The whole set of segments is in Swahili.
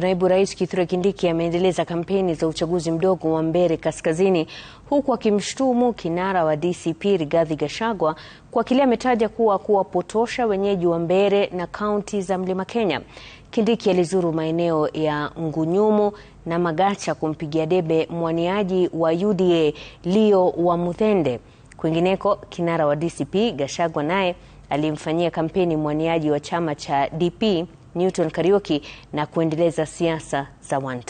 Naibu Rais Kithure Kindiki ameendeleza kampeni za uchaguzi mdogo wa Mbere Kaskazini huku akimshutumu kinara wa DCP Rigathi Gachagua kwa kile ametaja kuwa kuwapotosha wenyeji wa Mbere na kaunti za Mlima Kenya. Kindiki alizuru maeneo ya Ngunyumu na Magacha kumpigia debe mwaniaji wa UDA Leo Wamuthende. Kwingineko, kinara wa DCP Gachagua naye alimfanyia kampeni mwaniaji wa chama cha DP Newton Kariuki na kuendeleza siasa za one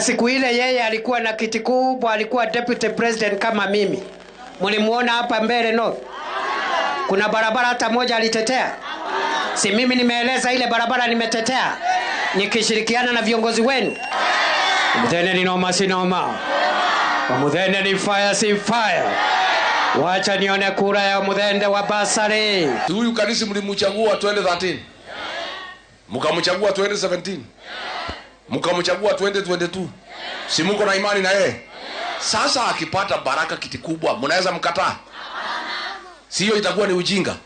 Siku ile yeye alikuwa na kiti kubwa, alikuwa deputy president kama mimi. Mlimuona hapa mbele no? Kuna barabara hata moja alitetea? Si mimi nimeeleza ile barabara nimetetea nikishirikiana na viongozi wenu. Muthene ni noma si noma. Muthene ni fire si fire. Wacha nione kura ya Muthende wa Basari. Huyu kanisi mlimchagua 2013. Mkamchagua 2017 mkamchagua twende twende tu si mko na imani na yeye sasa akipata baraka kiti kubwa mnaweza mkataa siyo itakuwa ni ujinga